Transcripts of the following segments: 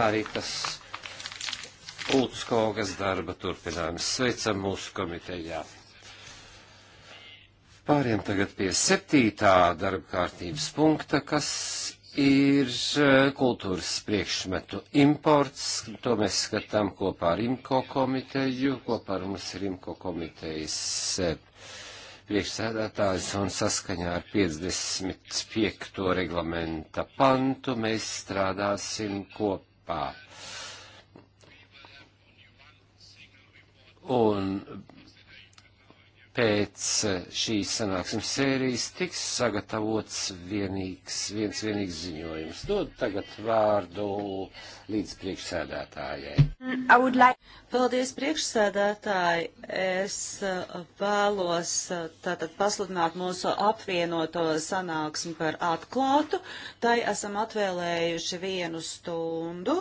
Maritas Ultskogas darba turpinājums. Sveicam mūsu komitejā. Pāriem tagad pie septītā darba kārtības punkta, kas ir eh, kultūras priekšmetu imports. To mēs skatām kopā ar IMCO komiteju. Kopā ar mums ir IMCO komitejas eh, priekšsēdētājs un saskaņā ar 55. reglamenta pantu mēs strādāsim kopā Eiropā. Un pēc šīs sanāksmes sērijas tiks sagatavots vienīgs, viens vienīgs ziņojums. Dod tagad vārdu līdz priekšsēdētājai. Like... Paldies, priekšsēdētāji. Es uh, vēlos uh, tātad pasludināt mūsu apvienoto sanāksmi par atklātu. Tai esam atvēlējuši vienu stundu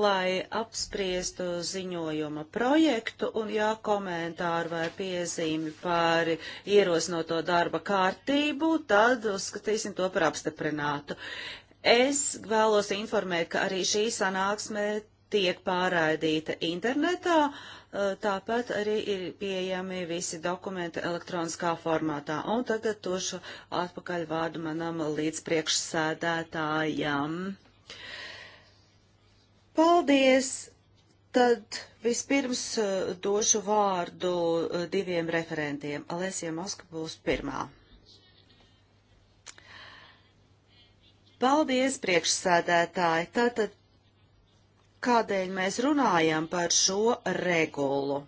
lai apspriestu ziņojuma projektu un jākomentāri vai piezīmi par ierosnoto darba kārtību, tad uzskatīsim to par apstiprinātu. Es vēlos informēt, ka arī šī sanāksme tiek pārraidīta internetā, eh, tāpat arī ir pieejami visi dokumenti elektroniskā formātā. Un tagad tošu atpakaļ vārdu manam līdz priekšsēdētājam. Uh, Paldies! Tad vispirms eh, došu vārdu eh, diviem referentiem. Alēsija Moska būs pirmā. Paldies, priekšsēdētāji! Tātad, kādēļ mēs runājam par šo regulu?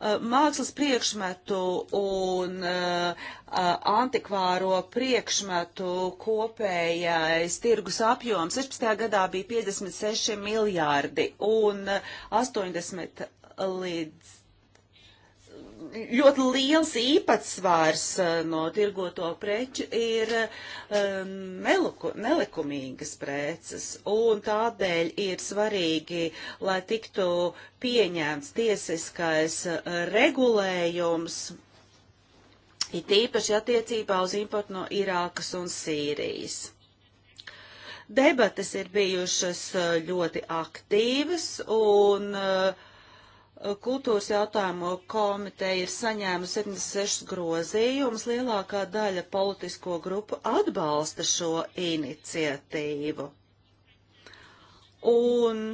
Eh, mākslas priekšmetu un eh, eh, antikvāro priekšmetu kopējais tirgus apjoms 16. gadā bija 56 miljārdi un 80 līdz ļoti liels īpatsvārs eh, no tirgoto preču ir ehm, meluku, nelikumīgas preces, un tādēļ ir svarīgi, lai tiktu pieņemts tiesiskais eh, regulējums, it īpaši attiecībā uz importu no Irākas un Sīrijas. Debates ir bijušas eh, ļoti aktīvas, un uh, Kultūras jautājumu komiteja ir saņēmusi 76 grozījumus, lielākā daļa politisko grupu atbalsta šo iniciatīvu. Un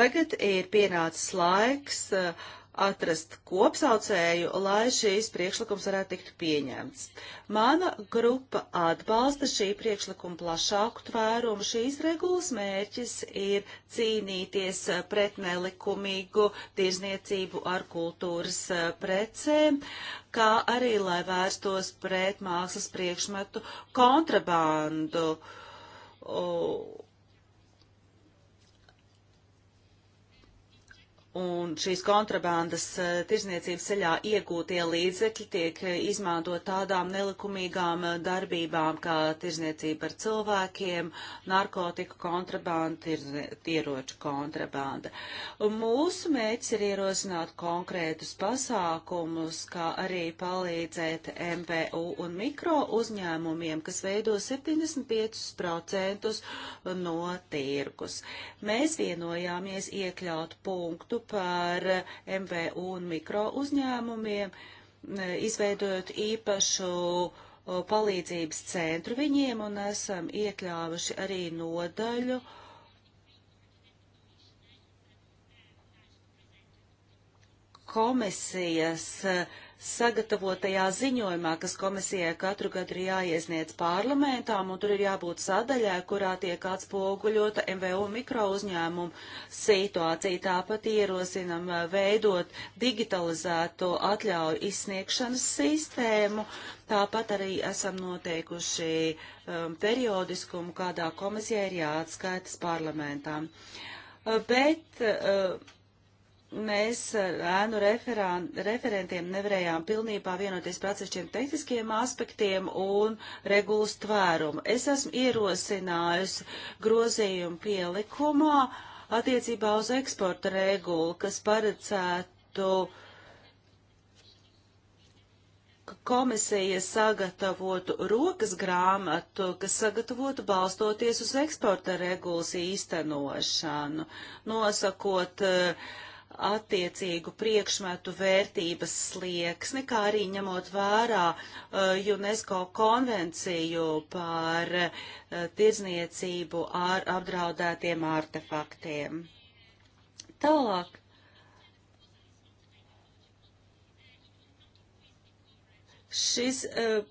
tagad ir pienācis laiks uh, atrast kopsaucēju, lai šīs priekšlikums varētu tikt pieņemts. Mana grupa atbalsta šī priekšlikuma plašāku tvērumu. Šīs regulas mērķis ir cīnīties pret nelikumīgu tirzniecību ar kultūras eh, precēm, kā arī lai vērstos pret mākslas priekšmetu kontrabandu. Uh, un šīs kontrabandas eh, tirzniecības ceļā iegūtie līdzekļi tiek eh, izmantot tādām nelikumīgām eh, darbībām, kā tirzniecība ar cilvēkiem, narkotiku kontrabanda, ieroču kontrabanda. Un mūsu mērķis ir ierosināt konkrētus pasākumus, kā arī palīdzēt MVU un mikro uzņēmumiem, kas veido 75% no tirgus. Mēs vienojāmies iekļaut punktu par MVU un mikro uzņēmumiem, e, izveidojot īpašu palīdzības centru viņiem un esam iekļāvuši arī nodaļu, komisijas uh, sagatavotajā ziņojumā, kas komisijai katru gadu ir jāiesniedz parlamentām, un tur ir jābūt sadaļai, kurā tiek atspoguļota MVU mikro uzņēmumu situācija. Tāpat ierosinam veidot digitalizēto atļauju izsniegšanas sistēmu. Tāpat arī esam noteikuši um, periodiskumu, kādā komisija ir jāatskaitas parlamentām. Bet uh, mēs ar eh, ēnu referān, referentiem nevarējām pilnībā vienoties par atsevišķiem tehniskiem aspektiem un regulas tvērumu. Es esmu ierosinājusi grozījumu pielikumā attiecībā uz eksporta regulu, kas paredzētu komisija sagatavotu rokas grāmatu, kas sagatavotu balstoties uz eksporta regulas īstenošanu, nosakot uh, attiecīgu priekšmetu vērtības slieksni, kā arī ņemot vērā uh, UNESCO konvenciju par uh, tirdzniecību ar apdraudētiem artefaktiem. Tālāk. Šis uh,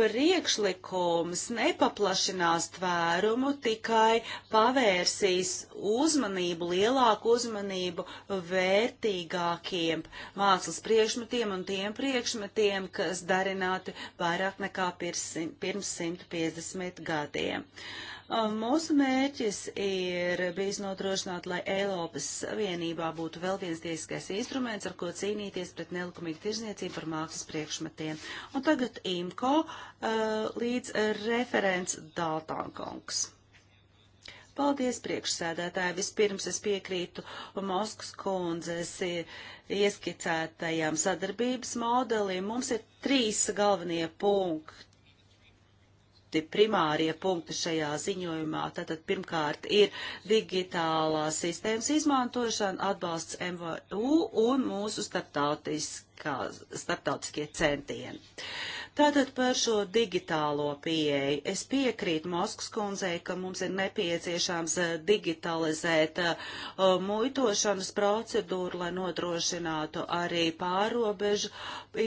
priekšlikums nepaplašinās tvērumu, tikai pavērsīs uzmanību, lielāku uzmanību vērtīgākiem mākslas priekšmetiem un tiem priekšmetiem, kas darināti vairāk nekā pirms 150 gadiem. Uh, Um, mūsu mērķis ir bijis nodrošināt, lai Eiropas Savienībā būtu vēl viens tiesiskais instruments, ar ko cīnīties pret nelikumīgu tirzniecību par mākslas priekšmetiem. Un tagad IMCO uh, līdz referents Daltankongs. Paldies, priekšsēdētāji. Vispirms es piekrītu Moskas kundzes ieskicētajām sadarbības modelim. Mums ir trīs galvenie punkti būti primārie punkti šajā ziņojumā. Tātad pirmkārt ir digitālās sistēmas izmantošana, atbalsts MVU un mūsu starptautiskie centieni. Tātad par šo digitālo pieeju. Es piekrītu Moskas kundzei, ka mums ir nepieciešams digitalizēt uh, muitošanas procedūru, lai nodrošinātu arī pārobežu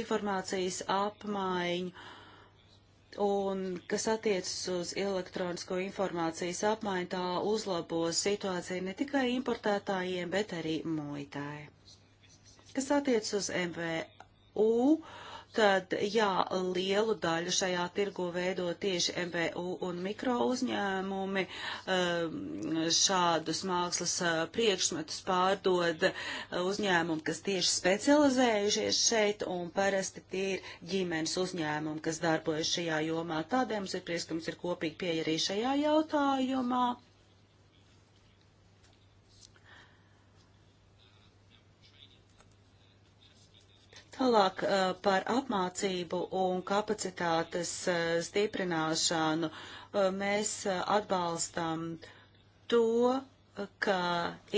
informācijas apmaiņu un kas attiecas uz elektronisko informācijas apmaiņu, tā uzlabos situāciju ne tikai importētājiem, bet arī muitai. Kas attiecas uz MVU, uh, tad jā, lielu daļu šajā tirgu veido tieši MVU un mikro uzņēmumi. Um, šādus mākslas uh, priekšmetus pārdod uh, uzņēmumi, kas tieši specializējušies šeit, un parasti tie ir ģimenes uzņēmumi, kas darbojas šajā jomā. Tādēļ mums ir prieks, ka mums ir kopīgi pieeja arī šajā jautājumā. Tālāk eh, par apmācību un kapacitātes eh, stiprināšanu eh, mēs atbalstam to, ka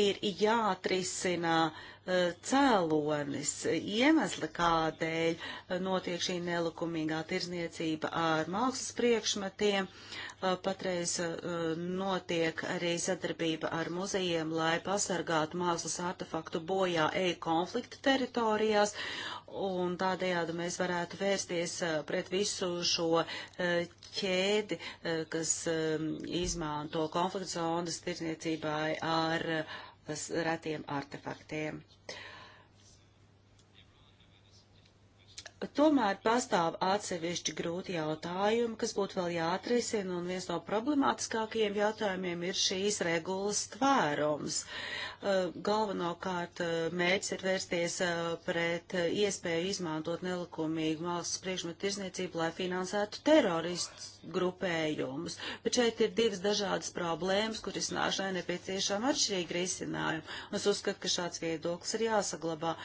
ir jāatrisina E, cēlonis, iemesli, kādēļ notiek šī nelikumīgā tirzniecība ar mākslas priekšmetiem. E, patreiz e, notiek arī sadarbība ar muzejiem, lai pasargātu mākslas artefaktu bojā ej konflikta teritorijās. Un tādējādi mēs varētu vērsties pret visu šo ķēdi, kas izmanto konflikta zonas tirzniecībai ar uh, Eiropas retiem artefaktiem. Tomēr pastāv atsevišķi grūti jautājumi, kas būtu vēl jāatrisina, un viens no problemātiskākajiem jautājumiem ir šīs regulas tvērums. Uh, galvenokārt uh, mērķis ir vērsties uh, pret iespēju izmantot nelikumīgu valsts priekšmetu tirzniecību, lai finansētu terorists grupējumus. Bet šeit ir divas dažādas problēmas, kur izcināšanai nepieciešama atšķirīga risinājuma. Es uzskatu, ka šāds viedoklis ir jāsaglabā.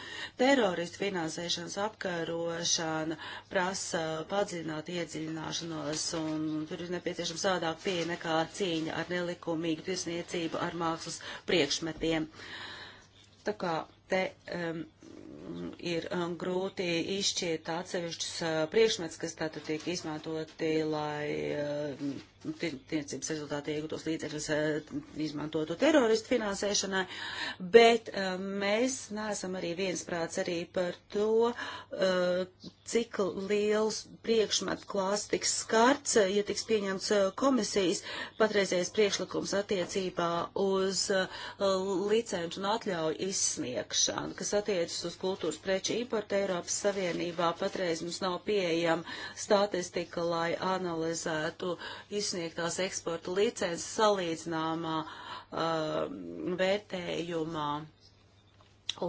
Teroristu finansēšanas apkarošana prasa padzināt iedziļināšanos, un tur ir nepieciešama sādāk pieeja nekā cīņa ar nelikumīgu tirsniecību ar mākslas priekšmetiem. Tā kā te um, ir um, grūti izšķirt atsevišķus uh, priekšmets, kas tātad tiek izmantoti, lai uh, tirdzniecības rezultātā iegūtos līdzekļus uh, izmantotu teroristu finansēšanai, bet mēs neesam arī viensprāts arī par to, cik liels priekšmetu klāsts tiks skarts, ja tiks pieņemts komisijas patreizējais priekšlikums attiecībā uz licenču un atļauju izsniegšanu, kas attiecas uz kultūras kultūras preču importu Eiropas Savienībā. Patreiz mums nav pieejama statistika, lai analizētu izsniegtās eksporta licences salīdzināmā uh, vērtējumā.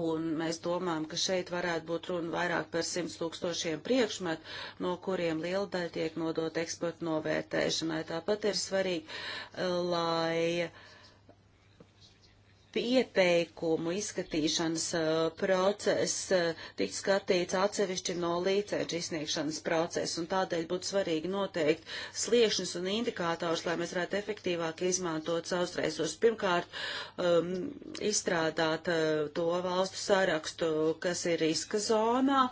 Un mēs domājam, ka šeit varētu būt runa vairāk par 100 tūkstošiem priekšmetu, no kuriem liela daļa tiek nodot eksporta novērtēšanai. Tāpat ir svarīgi, lai uh, pieteikumu izskatīšanas process tiks skatīts atsevišķi no līdzēģu izsniegšanas procesa, un tādēļ būtu svarīgi noteikt sliekšņus un indikātors, lai mēs varētu efektīvāk izmantot savus resursus. Pirmkārt, um, izstrādāt uh, to valstu sarakstu, kas ir riska zonā,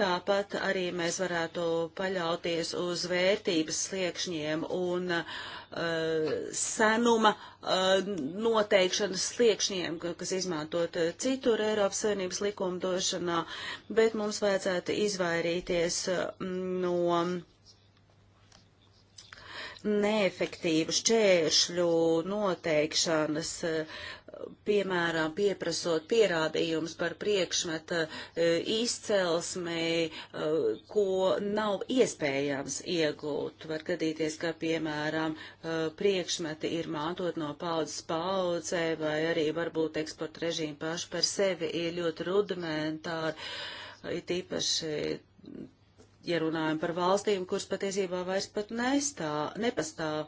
Tāpat arī mēs varētu paļauties uz vērtības sliekšņiem un uh, senuma uh, noteikšanas sliekšņiem, kas izmantot citur Eiropas Savienības likumdošanā, bet mums vajadzētu izvairīties mm, no. Um, neefektīvu šķēršļu noteikšanas, piemēram, pieprasot pierādījumus par priekšmeta e, izcelsmi, e, ko nav iespējams iegūt. Var gadīties, ka, piemēram, e, priekšmeti ir mantot no paudzes paudzē, vai arī varbūt eksporta režīmi paši par sevi ir ļoti rudimentāri, it īpaši ja runājam par valstīm, kuras patiesībā vairs pat nestā, nepastāv.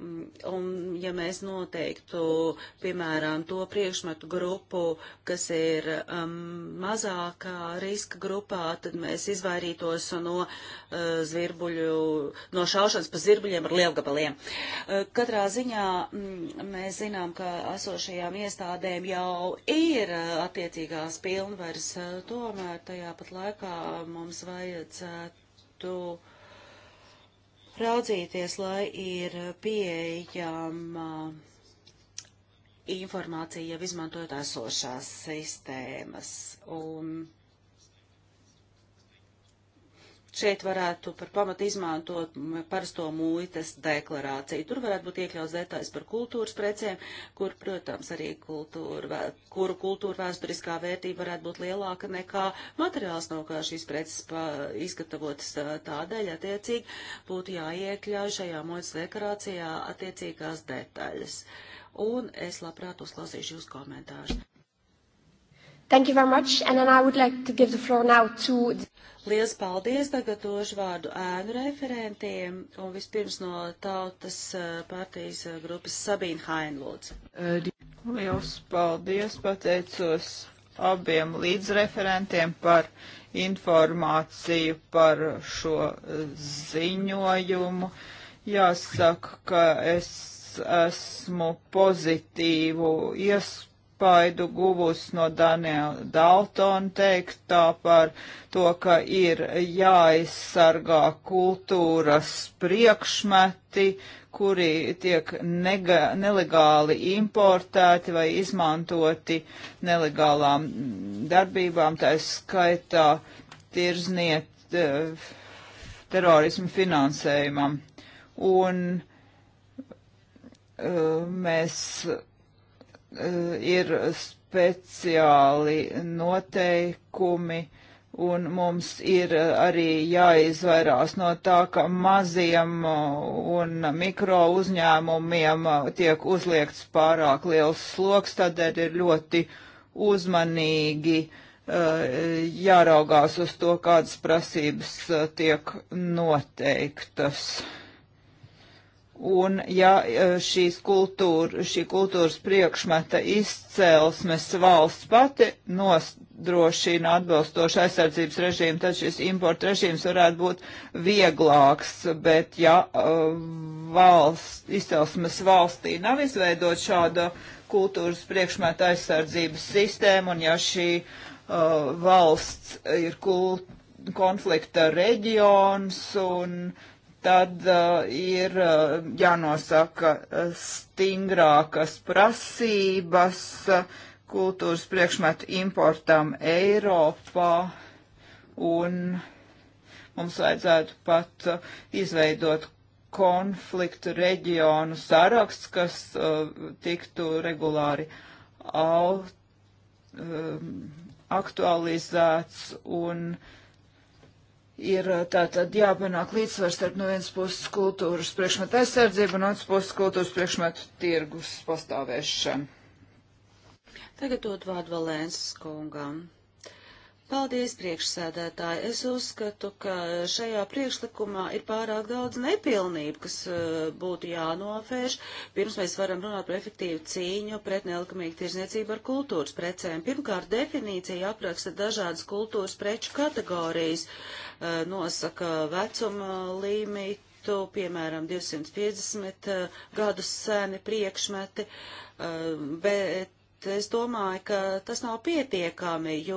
Mm, un, ja mēs noteiktu, piemēram, to priekšmetu grupu, kas ir um, mazākā riska grupā, tad mēs izvairītos no uh, zvirbuļu, no šaušanas pa zirbuļiem ar lielgabaliem. Uh, katrā ziņā mm, mēs zinām, ka esošajām iestādēm jau ir uh, attiecīgās pilnvaras, uh, tomēr tajā pat laikā mums vajadzētu. Uh, raudzīties, lai ir pieejama uh, informācija, jau izmantojot esošās sistēmas. Un šeit varētu par pamatu izmantot parasto muitas deklarāciju. Tur varētu būt iekļauts detaļas par kultūras precēm, kur, protams, arī kultūra, kuru kultūra vēsturiskā vērtība varētu būt lielāka nekā materiāls, no kā šīs preces izgatavotas tādēļ, attiecīgi, būtu jāiekļauj šajā muitas deklarācijā attiecīgās detaļas. Un es labprāt uzklausīšu jūs komentārus. Thank you very much, and then I would like to give the floor now to... Liels paldies, tagad došu vārdu ēnu referentiem, un vispirms no tautas partijas grupas Sabīna Hainlūdz. Liels paldies, pateicos abiem līdzreferentiem par informāciju par šo ziņojumu. Jāsaka, ka es esmu pozitīvu iespēju iespaidu guvus no Daniela Daltona teiktā par to, ka ir jāaizsargā kultūras priekšmeti, kuri tiek nega, nelegāli importēti vai izmantoti nelegālām darbībām, tā skaitā tirzniet eh, terorismu finansējumam. Un eh, mēs Eh, ir speciāli noteikumi, un mums ir eh, arī jāizvairās no tā, ka maziem eh, un mikro uzņēmumiem tiek uzliekts pārāk liels sloks, tādēļ ir ļoti uzmanīgi jāraugās uz to, kādas prasības tiek noteiktas. Un ja e, šīs kultūra, šī kultūras priekšmeta izcelsmes valsts pati nodrošina atbilstošu aizsardzības režīmu, tad šis importa režīms varētu būt vieglāks, bet ja e, valsts, izcelsmes valstī nav izveidot šāda kultūras priekšmeta aizsardzības sistēma, un ja šī uh, valsts ir kult, konflikta reģions un uh, tad uh, ir uh, jānosaka uh, stingrākas prasības uh, kultūras priekšmetu importam Eiropā, un mums vajadzētu pat uh, izveidot konfliktu reģionu saraksts, kas uh, tiktu regulāri au, um, aktualizēts un uh, ir uh, tātad jāpanāk līdzsvars starp no vienas puses kultūras priekšmetu aizsardzību un otras puses kultūras priekšmetu tirgus pastāvēšanu. Tagad dod vārdu Valēnsas kungam. Paldies, priekšsēdētāji. Es uzskatu, ka šajā priekšlikumā ir pārāk daudz nepilnību, kas eh, būtu jānovērš, pirms mēs varam runāt par efektīvu cīņu pret nelikumīgu tirzniecību ar kultūras precēm. Pirmkārt, definīcija apraksta dažādas kultūras preču kategorijas, eh, nosaka vecuma limitu, piemēram, 250 eh, gadus seni priekšmeti, bet bet es domāju, ka tas nav pietiekami, jo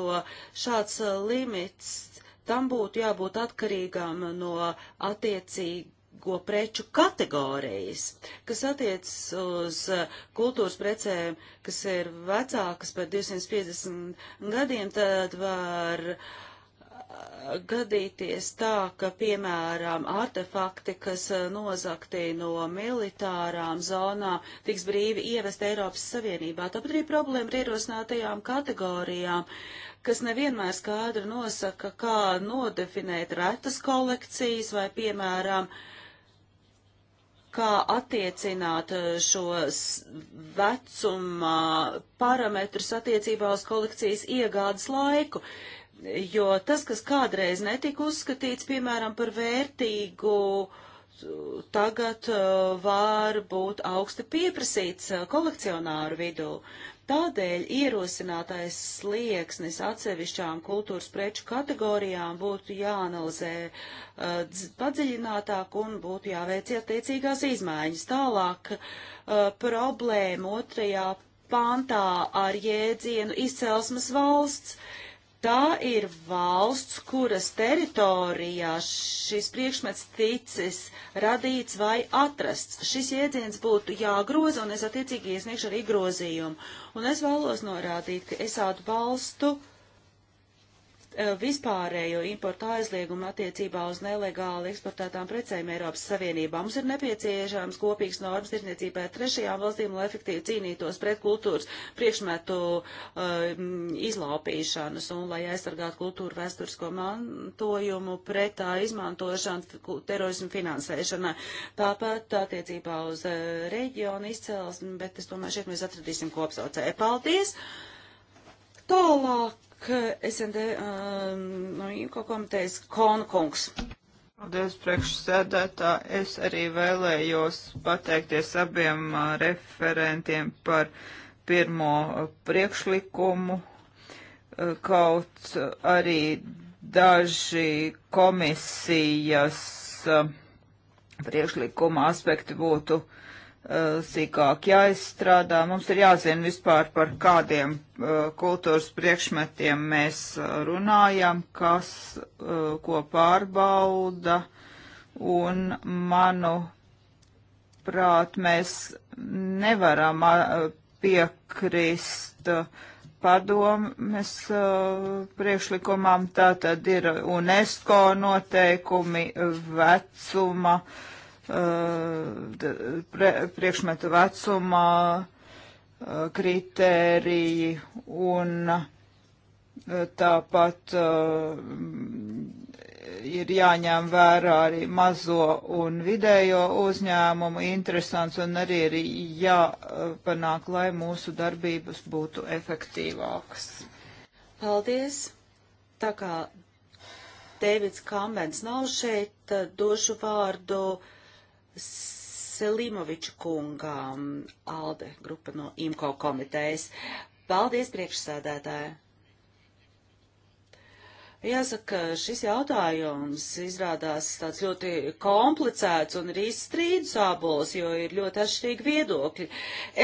šāds uh, limits tam būtu jābūt atkarīgām no attiecīgi go preču kategorijas, kas attiecas uz uh, kultūras precēm, kas ir vecākas par 250 gadiem, tad var uh, gadīties tā, ka, piemēram, artefakti, kas eh, nozakti no militārām zonām, tiks brīvi ievest Eiropas Savienībā. Tāpat arī problēma ir ierosinātajām kategorijām, kas nevienmēr skaidri nosaka, kā nodefinēt retas kolekcijas vai, piemēram, kā attiecināt eh, šo vecuma parametrus attiecībā uz kolekcijas iegādes laiku. Uh, jo tas, kas kādreiz netika uzskatīts, piemēram, par vērtīgu, tagad uh, var būt augsti pieprasīts uh, kolekcionāru vidū. Tādēļ ierosinātais slieksnis atsevišķām kultūras preču kategorijām būtu jāanalizē uh, padziļinātāk un būtu jāveic attiecīgās izmaiņas. Tālāk uh, problēma otrajā pantā ar jēdzienu izcelsmes valsts. Uh, Tā ir valsts, kuras teritorijā šis priekšmets ticis radīts vai atrasts. Šis jēdziens būtu jāgroza, un es attiecīgi iesniegšu arī grozījumu. Un es vēlos norādīt, ka es atbalstu uh, Eh, vispārējo importu aizliegumu attiecībā uz nelegāli eksportētām precēm Eiropas Savienībā. Mums ir nepieciešams kopīgs normas tirniecībai trešajām valstīm, lai efektīvi cīnītos pret kultūras priekšmetu uh, izlaupīšanas un lai aizsargātu kultūru vēsturisko mantojumu pret tā eh, izmantošanu terorismu finansēšanai. Tāpat attiecībā uz uh, reģionu izcelsmi, bet es domāju, šeit mēs atradīsim kopsaucēju. Paldies! Tālāk SND um, no IMCO komitejas Konkungs. Paldies, priekšsēdētā. Es arī vēlējos pateikties abiem uh, referentiem par pirmo uh, priekšlikumu. Uh, kaut arī daži komisijas priekšlikuma aspekti būtu uh, Eh, sīkāk jāizstrādā. Mums ir jāzina vispār par kādiem eh, kultūras priekšmetiem mēs eh, runājam, kas ko pārbauda, un manuprāt, mēs nevaram piekrist padomes priekšlikumam, tā tad ir UNESCO noteikumi vecuma, uh, Uh, pre, priekšmetu vecumā, uh, kritēriji un uh, tāpat ir jāņem vērā arī mazo un vidējo uzņēmumu interesants un arī ir jāpanāk, lai mūsu darbības būtu efektīvākas. Paldies! Tā kā Dēvids Kāmens nav šeit, došu vārdu uh, Selimoviču kungām, um, Alde grupa no IMKO komitejas. Paldies, priekšsādētāji! Jāsaka, šis jautājums izrādās tāds ļoti komplicēts un arī strīdus abols, jo ir ļoti atšķirīgi viedokļi.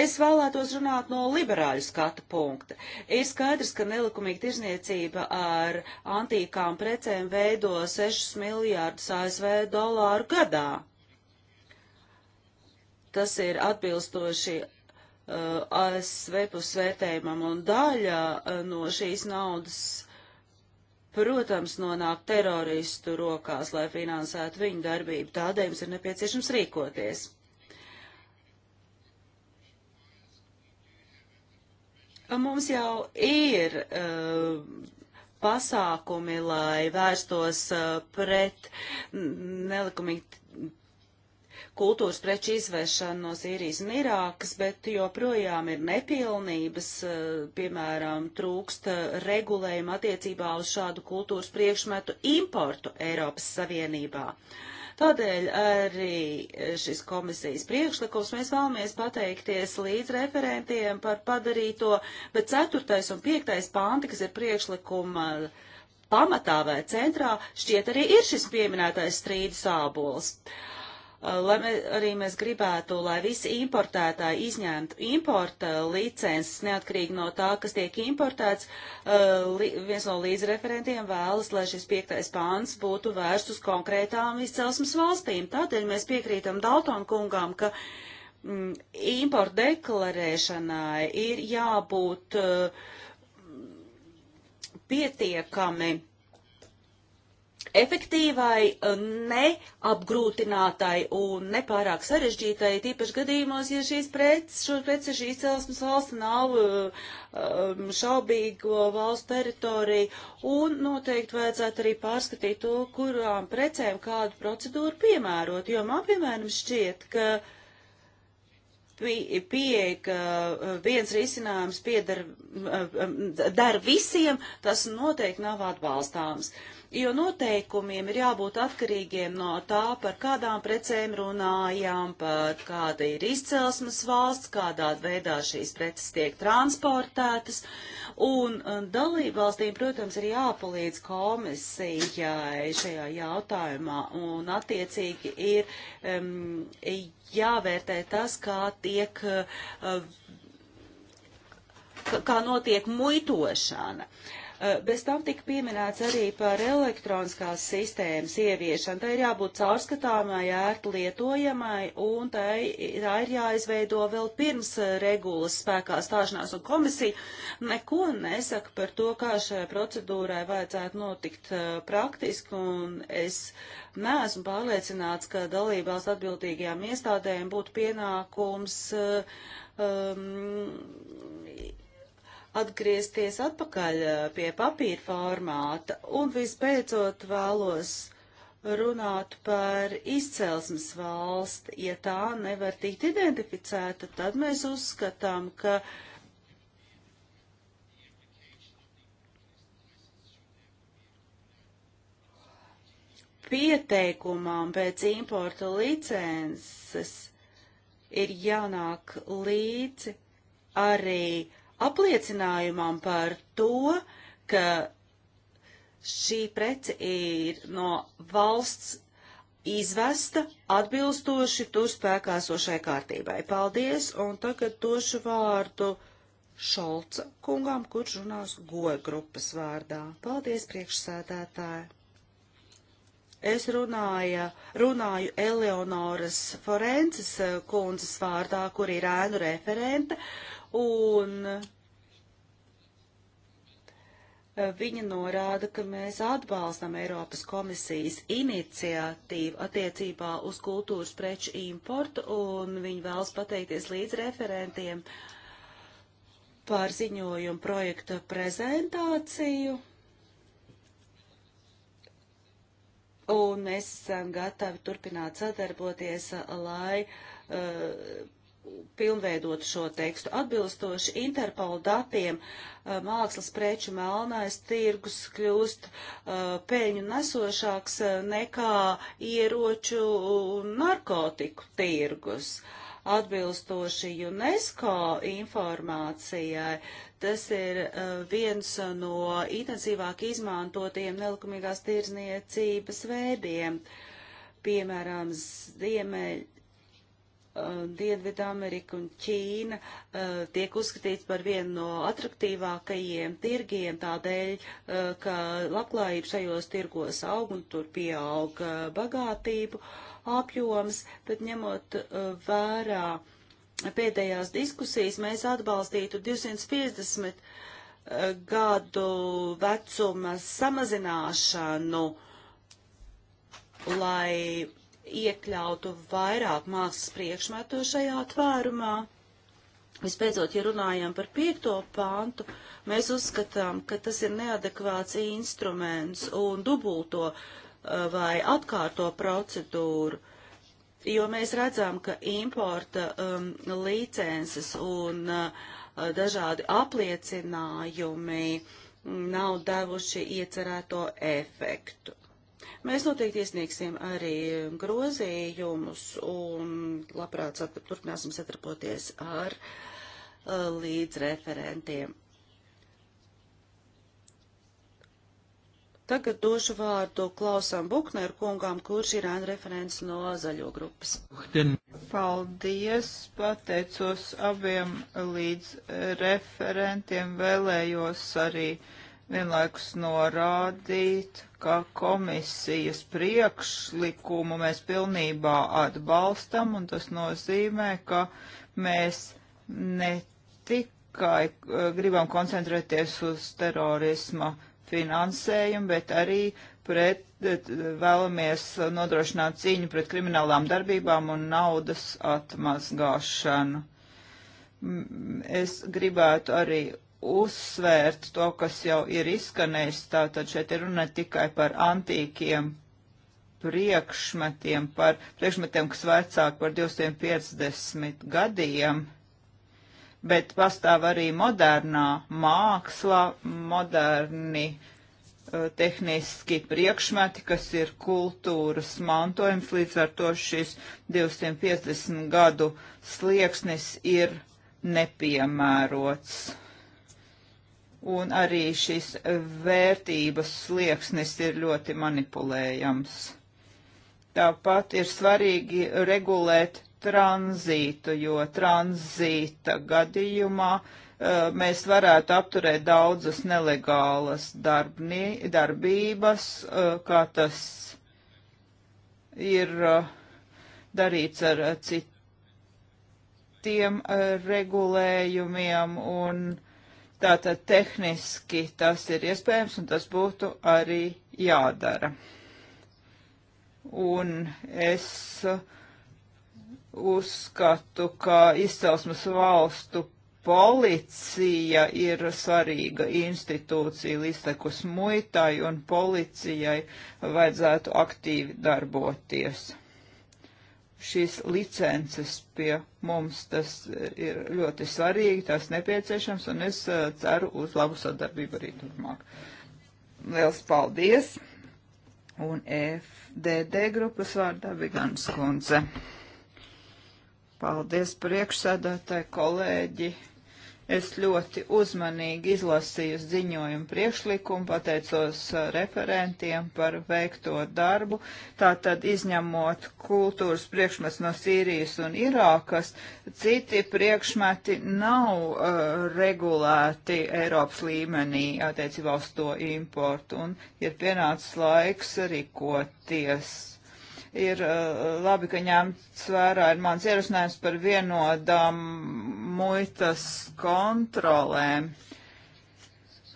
Es vēlētos runāt no liberāļu skatu punkta. Ir skaidrs, ka nelikumīga tirzniecība ar antīkām precēm veido 6 miljārdus ASV dolāru gadā tas ir atbilstoši uh, ASV pusvērtējumam, un daļa uh, no šīs naudas, protams, nonāk teroristu rokās, lai finansētu viņu darbību. Tādēļ mums ir nepieciešams rīkoties. Mums jau ir uh, pasākumi, lai vērstos uh, pret nelikumīgi kultūras preču izvēršanu no Sīrijas un Irākas, bet joprojām ir nepilnības, eh, piemēram, trūkst eh, regulējuma attiecībā uz šādu kultūras priekšmetu importu Eiropas Savienībā. Tādēļ arī eh, šis komisijas priekšlikums mēs vēlamies pateikties līdz referentiem par padarīto, bet ceturtais un piektais panti, kas ir priekšlikuma pamatā vai centrā, šķiet arī ir šis pieminētais strīdu sābols. Uh, Uh, lai mē, arī mēs gribētu, lai visi importētāji izņemtu importa licences, neatkarīgi no tā, kas tiek importēts, uh, li, viens no līdzreferentiem vēlas, lai šis piektais pāns būtu vērsts uz konkrētām izcelsmes valstīm. Tādēļ mēs piekrītam Dalton kungām, ka mm, importa deklarēšanai ir jābūt uh, pietiekami efektīvai, uh, neapgrūtinātai un nepārāk sarežģītai, tīpaši gadījumos, ja šīs preces, šo preci šī izcelsmes valsts nav uh, um, šaubīgo valsts teritorija, un noteikti vajadzētu arī pārskatīt to, kurām precēm kādu procedūru piemērot, jo man, piemēram, šķiet, ka pieeja, ka uh, viens risinājums piedar, um, dar visiem, tas noteikti nav atbalstāms. Uh, jo noteikumiem ir jābūt atkarīgiem no tā, par kādām precēm runājām, par kāda ir izcelsmes valsts, kādā veidā šīs preces tiek transportētas, un um, dalību valstīm, protams, ir jāpalīdz komisijai šajā jautājumā, un attiecīgi ir um, jāvērtē tas, kā tiek uh, kā notiek muitošana. Eh, bez tam tika pieminēts arī par elektroniskās sistēmas ieviešanu. Tai ir jābūt caurskatāmai, ērti lietojamai, un tai, tā ir jāizveido vēl pirms eh, regulas spēkā stāšanās, un komisija neko nesaka par to, kā šai procedūrai vajadzētu notikt eh, praktiski, un es neesmu pārliecināts, ka dalībās atbildīgajām iestādēm būtu pienākums um, atgriezties atpakaļ eh, pie papīra formāta. Un visbeidzot vēlos runāt par izcelsmes valsti. Ja tā nevar tikt identificēta, tad mēs uzskatām, ka pieteikumam pēc importa licences ir jānāk līdzi arī apliecinājumam par to, ka šī prece ir no valsts izvesta atbilstoši tur spēkāsošai kārtībai. Paldies, un tagad došu vārdu Šolca kungām, kurš runās goja grupas vārdā. Paldies, priekšsēdētāji! Es runāju, runāju Eleonoras Forences eh, kundzes vārdā, kur ir ēnu referente, un e, viņa norāda, ka mēs atbalstam Eiropas komisijas iniciatīvu attiecībā uz kultūras preču importu, un viņa vēlas pateikties līdz referentiem par ziņojumu projekta prezentāciju. Un mēs esam gatavi turpināt sadarboties, lai uh, pilnveidot šo tekstu. Atbilstoši Interpol datiem, eh, mākslas preču melnais tirgus kļūst eh, peļņu nesošāks eh, nekā ieroču un narkotiku tirgus. Atbilstoši UNESCO informācijai, tas ir viens no intensīvāk izmantotiem nelikumīgās tirzniecības veidiem. Piemēram, Ziemeļ, Eh, Dienvidā Amerika un Ķīna uh, tiek uzskatīts par vienu no atraktīvākajiem tirgiem tādēļ, uh, ka labklājība šajos tirgos aug un tur pieaug uh, bagātību apjoms, bet ņemot vērā pēdējās diskusijas, mēs atbalstītu 250 gadu vecuma samazināšanu, lai iekļautu vairāk mākslas priekšmetu šajā tvērumā. Vispēcot, ja runājam par piekto pāntu, mēs uzskatām, ka tas ir neadekvāts instruments un dubulto eh, vai atkārto procedūru, jo mēs redzam, ka importa um, licences un uh, dažādi apliecinājumi mm, nav devuši iecerēto efektu. Mēs noteikti iesniegsim arī grozījumus un labprāt turpināsim sadarboties ar uh, līdzreferentiem. Tagad došu vārdu Klausam Bukneru kungām, kurš ir ēna referents no zaļo grupas. Paldies, pateicos abiem līdz referentiem, vēlējos arī uh, vienlaikus norādīt, ka komisijas priekšlikumu mēs pilnībā atbalstam, un tas nozīmē, ka mēs ne tikai eh, gribam koncentrēties uz terorisma finansējumu, bet arī pret, vēlamies nodrošināt cīņu pret kriminālām darbībām un naudas atmazgāšanu. Es gribētu arī uzsvērt to, kas jau ir izskanējis. Tātad šeit ir runa tikai par antīkiem priekšmetiem, par priekšmetiem, kas vecāki par 250 gadiem, bet pastāv arī modernā māksla, moderni uh, tehniski priekšmeti, kas ir kultūras mantojums, līdz ar to šis 250 gadu slieksnis ir nepiemērots un arī šis vērtības slieksnis ir ļoti manipulējams. Tāpat ir svarīgi regulēt tranzītu, jo tranzīta gadījumā uh, mēs varētu apturēt daudzas nelegālas darbnī, darbības, uh, kā tas ir uh, darīts ar citiem regulējumiem, un Tātad tehniski tas ir iespējams un tas būtu arī jādara. Un es uzskatu, ka izcelsmes valstu policija ir svarīga institūcija līdztekus muitai un policijai vajadzētu aktīvi darboties šīs licences pie mums. Tas eh, ir ļoti svarīgi, tas nepieciešams, un es eh, ceru uz labu sadarbību arī turpmāk. Liels paldies! Un FDD grupas vārdā Vigans Kunze. Paldies priekšsēdētāji, kolēģi! Es ļoti uzmanīgi izlasīju ziņojumu priekšlikumu, pateicos uh, referentiem par veikto darbu. Tātad, izņemot kultūras priekšmets no Sīrijas un Irākas, citi priekšmeti nav uh, regulēti Eiropas līmenī attiecībā uz to importu, un ir pienācis laiks rīkoties ir uh, labi, ka ņemts vērā ir mans ierosinājums par vienodām muitas kontrolēm.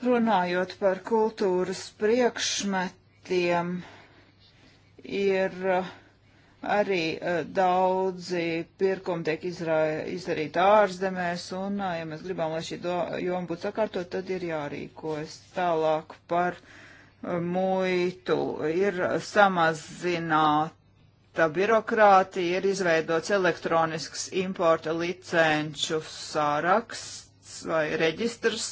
Runājot par kultūras priekšmetiem, ir uh, arī uh, daudzi pirkumi tiek izrā, izdarīti ārzemēs, un, ja mēs gribam, lai šī joma būtu sakārtot, tad ir jārīkojas tālāk par muitu ir samazināt tā birokrātija ir izveidots elektronisks importa licenču sāraksts vai reģistrs,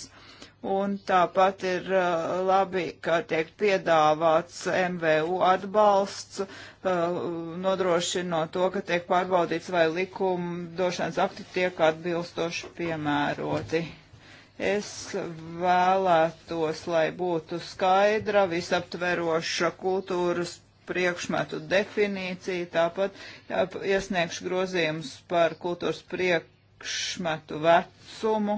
un tāpat ir uh, labi, ka tiek piedāvāts MVU atbalsts, uh, nodrošinot to, ka tiek pārbaudīts, vai likumdošanas akti tiek atbilstoši piemēroti. Es vēlētos, lai būtu skaidra, visaptveroša kultūras priekšmetu definīciju, tāpat jā, iesniegšu grozījumus par kultūras priekšmetu vecumu.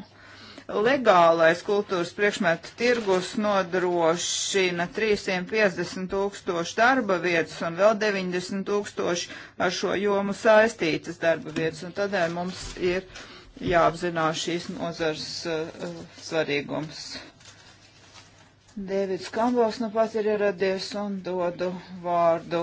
Legālais kultūras priekšmetu tirgus nodrošina 350 tūkstoši darba vietas un vēl 90 tūkstoši ar šo jomu saistītas darba vietas, un tādēļ mums ir jāapzinās šīs nozars uh, svarīgums. Dēvids Kambovs nu pat ir ieradies un dodu vārdu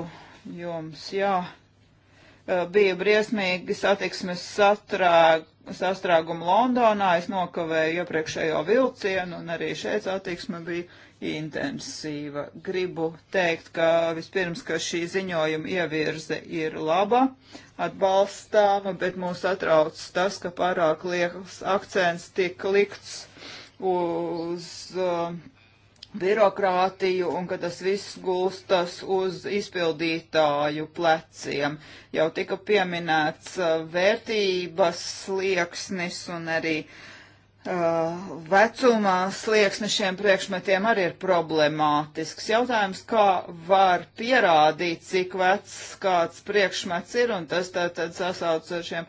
jums. Jā, e, bija briesmīgi satiksmes satrāg, sastrāgumu Londonā, es nokavēju iepriekšējo vilcienu un arī šeit satiksme bija intensīva. Gribu teikt, ka vispirms, ka šī ziņojuma ievirze ir laba, atbalstāma, bet mūs atrauc tas, ka pārāk liekas akcents tiek likts uz. Uh, birokrātiju un ka tas viss gulstas uz izpildītāju pleciem. Jau tika pieminēts uh, vērtības slieksnis un arī uh, vecumā slieksnis šiem priekšmetiem arī ir problemātisks. Jautājums, kā var pierādīt, cik vecs kāds priekšmets ir, un tas tātad sasauc ar šiem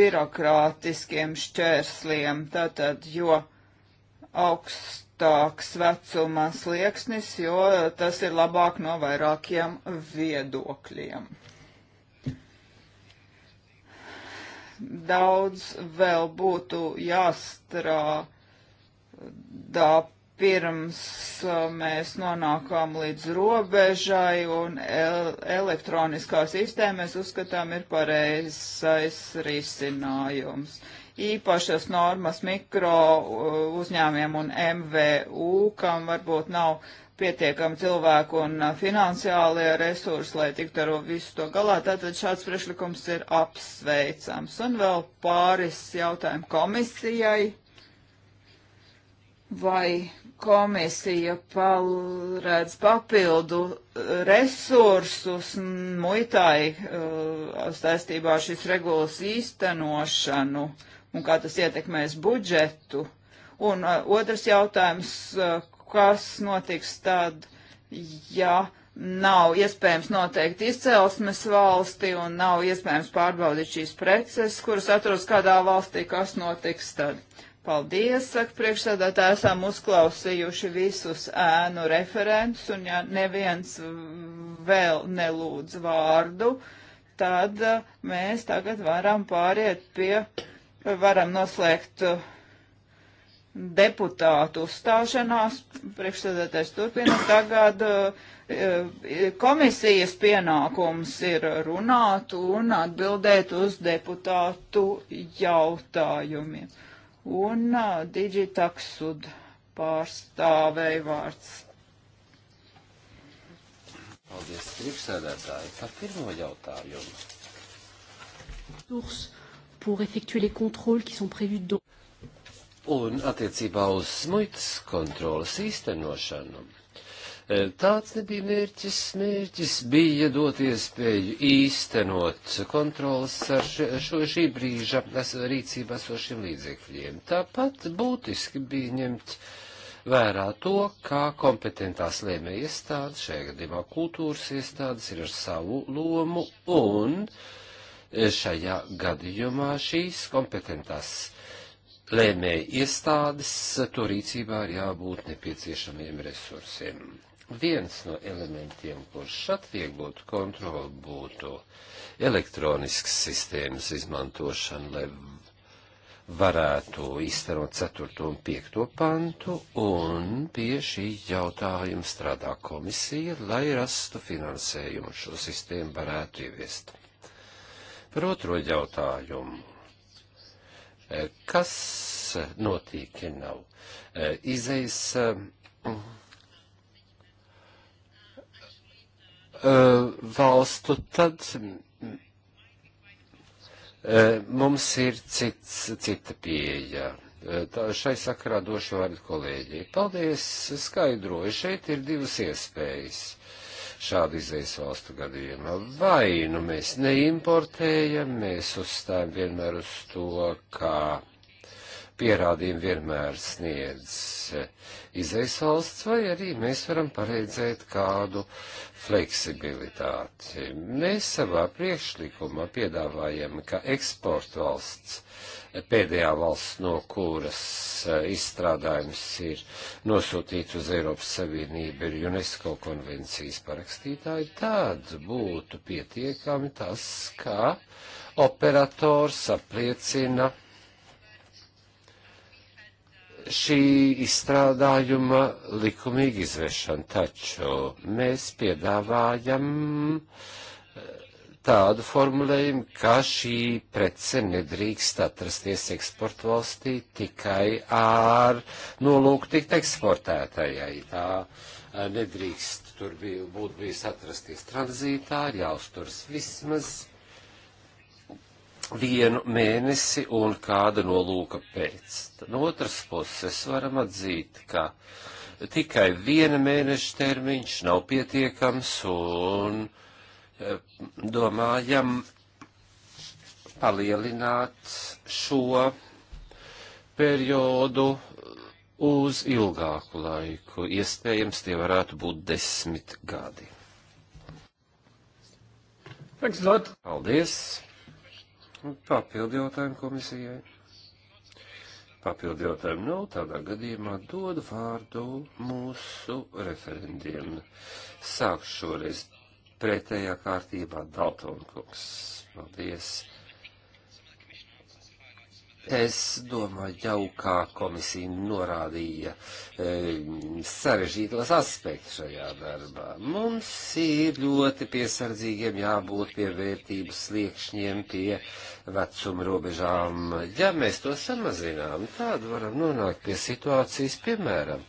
birokrātiskiem šķērsliem, tātad jo augsts augstāks vecuma slieksnis, jo tas ir labāk no vairākiem viedokļiem. Daudz vēl būtu jāstrādā pirms uh, mēs nonākām līdz robežai un el elektroniskā sistēma, mēs uzskatām, ir pareizais risinājums. Uh, īpašas normas mikro uh, uzņēmiem un MVU, kam varbūt nav pietiekami cilvēku un uh, finansiālie resursi, lai tiktu ar visu to galā. Tātad šāds priekšlikums ir apsveicams. Un vēl pāris jautājumu komisijai. Vai komisija paredz papildu uh, resursus muitai uh, saistībā ar šīs regulas īstenošanu? Uh, un kā tas ietekmēs budžetu. Un uh, otrs jautājums, uh, kas notiks tad, ja nav iespējams noteikt izcelsmes valsti un nav iespējams pārbaudīt šīs preces, kuras atrodas kādā valstī, kas notiks tad. Paldies, saka priekšsēdētāji, esam uzklausījuši visus ēnu referentus, un ja neviens vēl nelūdz vārdu, tad uh, mēs tagad varam pāriet pie varam noslēgt uh, deputātu uzstāšanās. Priekšsēdētājs turpina tagad. Uh, uh, komisijas pienākums ir runāt un atbildēt uz deputātu jautājumiem. Un Digitaksud pārstāvēja vārds. Paldies, priekšsēdētāji, par pirmo jautājumu. Tūks pour effectuer les contrôles qui sont prévus dans. Un attiecībā uz muitas kontrolas īstenošanu. E, tāds nebija mērķis. Mērķis bija dot iespēju īstenot kontrolas ar šo šī brīža rīcībā esošiem līdzekļiem. Tāpat būtiski bija ņemt vērā to, kā kompetentās lēmē iestādes, šajā gadījumā kultūras iestādes, ir ar savu lomu un uh, šajā gadījumā šīs kompetentās lēmēja iestādes, to rīcībā ir jābūt nepieciešamiem resursiem. Viens no elementiem, kurš atvieglotu kontroli, būtu elektroniskas sistēmas izmantošana, lai varētu izstarot 4. un 5. pantu, un pie šī jautājuma strādā komisija, lai rastu finansējumu šo sistēmu varētu ieviest. Par otro jautājumu. Eh, kas notiek, ja nav eh, izejas eh, valstu, tad mums ir cits, cita pieeja. Tā, šai sakarā došu vārdu kolēģiem. Paldies, skaidroju. Šeit ir divas iespējas. Uh, šādu izējas valstu gadījumā. Vai nu mēs neimportējam, mēs uzstājam vienmēr uz to, kā pierādījumi vienmēr sniedz eh, izējas valsts, vai arī mēs varam paredzēt kādu fleksibilitāti. Mēs savā priekšlikumā piedāvājam, ka eksporta valsts pēdējā valsts, no kuras e, izstrādājums ir nosūtīts uz Eiropas Savienību, ir UNESCO konvencijas parakstītāji, tad būtu pietiekami tas, ka operators apliecina šī izstrādājuma likumīgi izvešana, taču mēs piedāvājam uh, tādu formulējumu, ka šī prece nedrīkst atrasties eksporta valstī tikai ar nolūku tikt eksportētājai. Tā eh, nedrīkst tur bija, būt bijis atrasties tranzītā, ir jāuzturas vismaz vienu mēnesi un kāda nolūka pēc. No otras puses varam atzīt, ka tikai viena mēneša termiņš nav pietiekams un uh, domājam palielināt šo periodu uz ilgāku laiku. Iespējams, tie varētu būt desmit gadi. Thanks, Lord. Paldies. Papildu jautājumu komisijai. Papildu jautājumu nav, tādā gadījumā dodu vārdu mūsu referendiem. Sākšu šoreiz pretējā kārtībā Daltonkungs. Paldies! Es domāju, jau kā komisija norādīja e, sarežģītos aspektus šajā darbā. Mums ir ļoti piesardzīgiem jābūt pie vērtības sliekšņiem, pie vecuma robežām. Ja mēs to samazinām, tad varam nonākt pie situācijas, piemēram,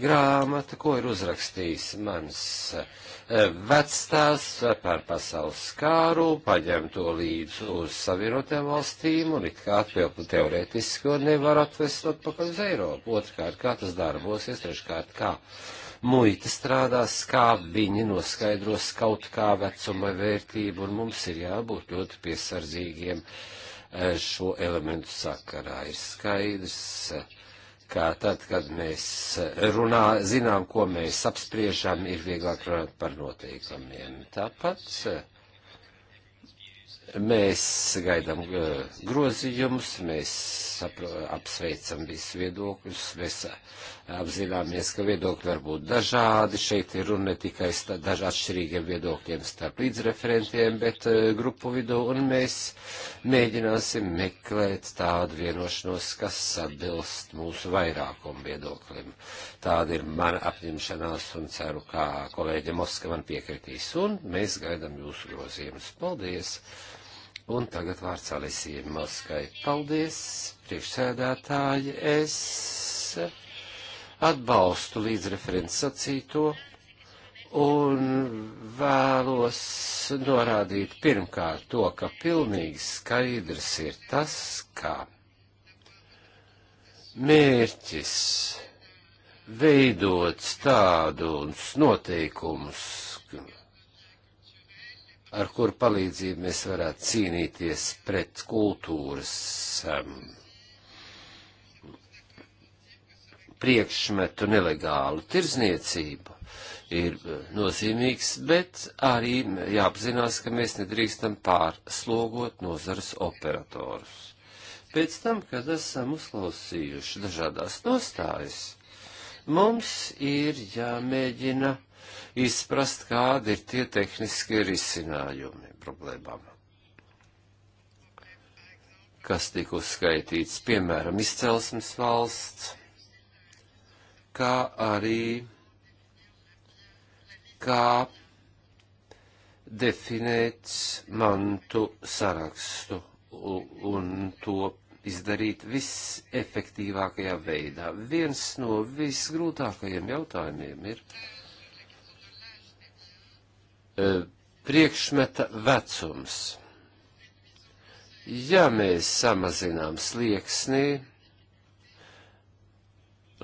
grāmata, ko ir uzrakstījis mans. E, vecstāsts par pasaules kāru, paņem to līdzi uz savienotēm valstīm un it kā atvilku teoretiski un nevar atvest atpakaļ uz Eiropu. Otrkārt, kā tas darbosies, treškārt, kā muita strādās, kā viņi noskaidros kaut kā vecuma vērtību un mums ir jābūt ļoti piesardzīgiem eh, šo elementu sakarā. Ir skaidrs eh, ka tad, kad mēs runā, zinām, ko mēs apspriežam, ir vieglāk runāt par noteikumiem. Tāpat Mēs gaidām uh, grozījumus, mēs apsveicam visus viedokļus, mēs uh, apzināmies, ka viedokļi var būt dažādi. Šeit ir runa ne tikai daži atšķirīgiem viedokļiem starp līdzreferentiem, bet uh, grupu vidū, un mēs mēģināsim meklēt tādu vienošanos, kas atbilst mūsu vairākumu viedoklim. Tāda ir mana apņemšanās, un ceru, ka kolēģi Moska man piekritīs, un mēs gaidām jūsu grozījumus. Paldies! Un tagad vārds Alisija Maskai. Paldies, priekšsēdētāji, es atbalstu līdzreferents sacīto un vēlos norādīt pirmkārt to, ka pilnīgi skaidrs ir tas, ka mērķis veidot tādus noteikumus, ar kuru palīdzību mēs varētu cīnīties pret kultūras um, priekšmetu nelegālu tirzniecību ir eh, nozīmīgs, bet arī jāapzinās, ka mēs nedrīkstam pārslogot nozares operatorus. Pēc tam, kad esam uzklausījuši dažādās nostājas, mums ir jāmēģina. Ja izprast, kādi ir tie tehniskie risinājumi problēmām, kas tika uzskaitīts, piemēram, izcelsmes valsts, kā arī kā definēt mantu sarakstu un to izdarīt visefektīvākajā veidā. Viens no visgrūtākajiem jautājumiem ir. E, priekšmeta vecums. Ja mēs samazinām slieksni,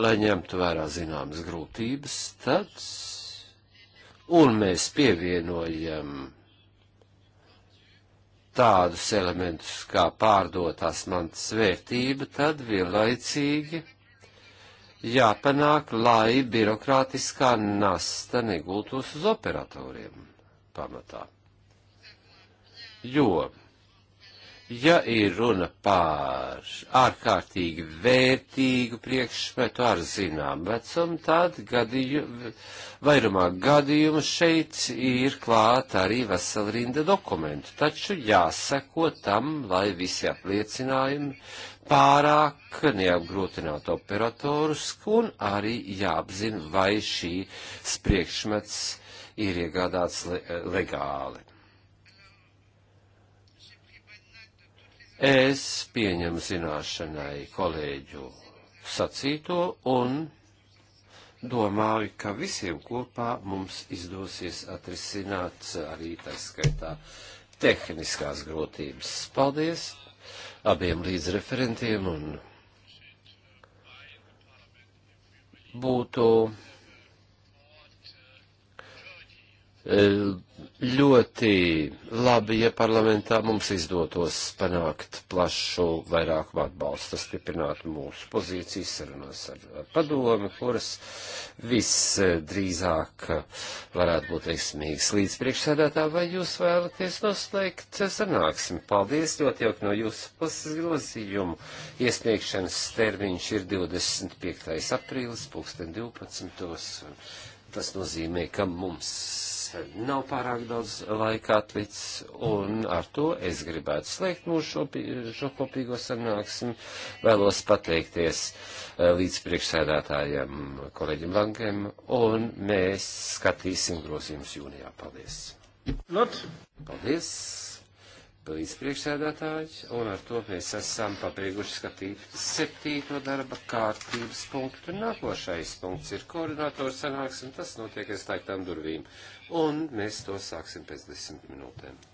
lai ņemtu vērā zināmas grūtības, tad un mēs pievienojam tādus elementus kā pārdotās mantas vērtība, tad vienlaicīgi jāpanāk, lai birokrātiskā nasta negultos uz operatoriem pamatā. Jo, ja ir runa par ārkārtīgi vērtīgu priekšmetu ar zinām vecumu, tad gadīju, vairumā gadījumu šeit ir klāta arī vesela rinda dokumentu, taču jāseko tam, lai visi apliecinājumi pārāk neapgrūtinātu operatorus, un arī jāapzina, vai šīs priekšmets ir iegādāts eh, legāli. Es pieņemu zināšanai kolēģu sacīto un domāju, ka visiem kopā mums izdosies atrisināt arī tā skaitā tehniskās grūtības. Paldies abiem līdzreferentiem un būtu Eh, ļoti labi, ja parlamentā mums izdotos panākt plašu vairākumu atbalstu, stiprināt mūsu pozīcijas sarunās ar, ar padomi, kuras visdrīzāk varētu būt veiksmīgas līdz priekšsēdētā, vai jūs vēlaties noslēgt sanāksmi. Paldies ļoti jauki no jūsu puses grozījumu. Iesniegšanas termiņš ir 25. aprīlis, 2012. Tas nozīmē, ka mums nav pārāk daudz laika atlicis, un ar to es gribētu slēgt mūsu šo kopīgo sanāksmi. Vēlos pateikties eh, līdz priekšsēdētājiem kolēģim Langem, un mēs skatīsim grozījumus jūnijā. Paldies! Not. Paldies! Līdz priekšsēdētāji, un ar to mēs esam pabeiguši skatīt septīto darba kārtības punktu. Nākošais punkts ir koordinātors sanāksme, tas notiek aiz slēgtām durvīm un mēs to sāksim pēc desmit minūtēm.